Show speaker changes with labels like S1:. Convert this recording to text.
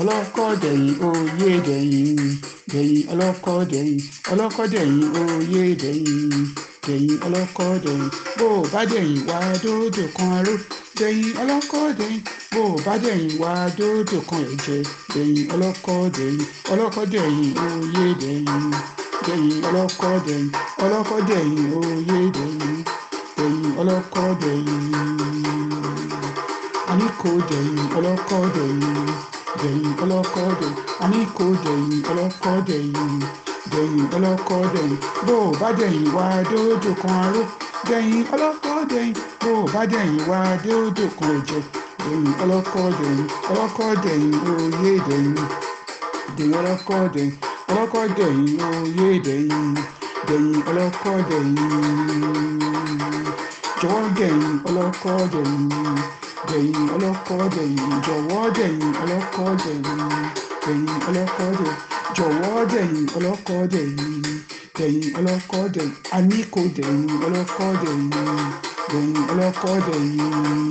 S1: ọlọ́kọ̀dẹ̀ yìí oyè dẹ̀yìn dẹ̀yìn ọlọ́kọ̀dẹ̀ yìí ọlọ́kọ̀dẹ̀ yìí oyè dẹ̀yìn dẹ̀yìn ọlọ́kọ̀dẹ̀ yìí bó o bá dẹ̀yìn wá dódò kan aró dẹ̀yìn ọlọ́kọ̀dẹ̀ yìí bó o bá dẹ̀yìn wá dódò kan ẹ̀jẹ̀ dẹ̀yìn ọlọ́kọ̀dẹ̀ yìí ọlọ́kọ̀dẹ̀ yìí oyè dẹ̀yìn dẹ̀yìn ọlọ́kọ̀dẹ̀ yìí ọlọ́kọ̀dẹ̀ yìí oyè dẹ̀yìn dẹ̀yìn ọlọ́kọ̀dẹ̀ yìí àníkò dẹ̀yìn ọlọ́kọ̀dẹ̀ yìí dẹ̀yìn ọlọ́kọ́ dẹ̀ àní kò dẹ̀yìn ọlọ́kọ́ dẹ̀yìn dẹ̀yìn ọlọ́kọ́ dẹ̀yìn bó o bá dẹ̀yìn wá dé odò kan aró dẹ̀yìn ọlọ́kọ́ dẹ̀yìn bó o bá dẹ̀yìn wá dé odò kan òjò dẹ̀yìn ọlọ́kọ́ dẹ̀yìn ọlọ́kọ́ dẹ̀yìn oyè dẹ̀yìn dẹ̀yìn ọlọ́kọ́ dẹ̀yìn ọlọ́kọ́ dẹ̀yìn oyè dẹ̀yìn dẹ̀yìn ọlọ́kọ́ dẹ̀yìn jọ̀wọ́ dẹ̀yìn ọlọ́kọ́ dẹ̀yìn dẹ̀yìn ọlọ́kọ́ dẹ̀yìn jọ̀wọ́ dẹ̀yìn ọlọ́kọ́ dẹ̀yìn dẹ̀yìn ọlọ́kọ́ dẹ̀yìn jọ̀wọ́ dẹ̀yìn ọlọ́kọ́ dẹ̀yìn dẹ̀yìn ọlọ́kọ́ dẹ̀yìn àníkò dẹ̀yìn ọlọ́kọ́ dẹ̀yìn dẹ̀yìn ọlọ́kọ́ dẹ̀yìn.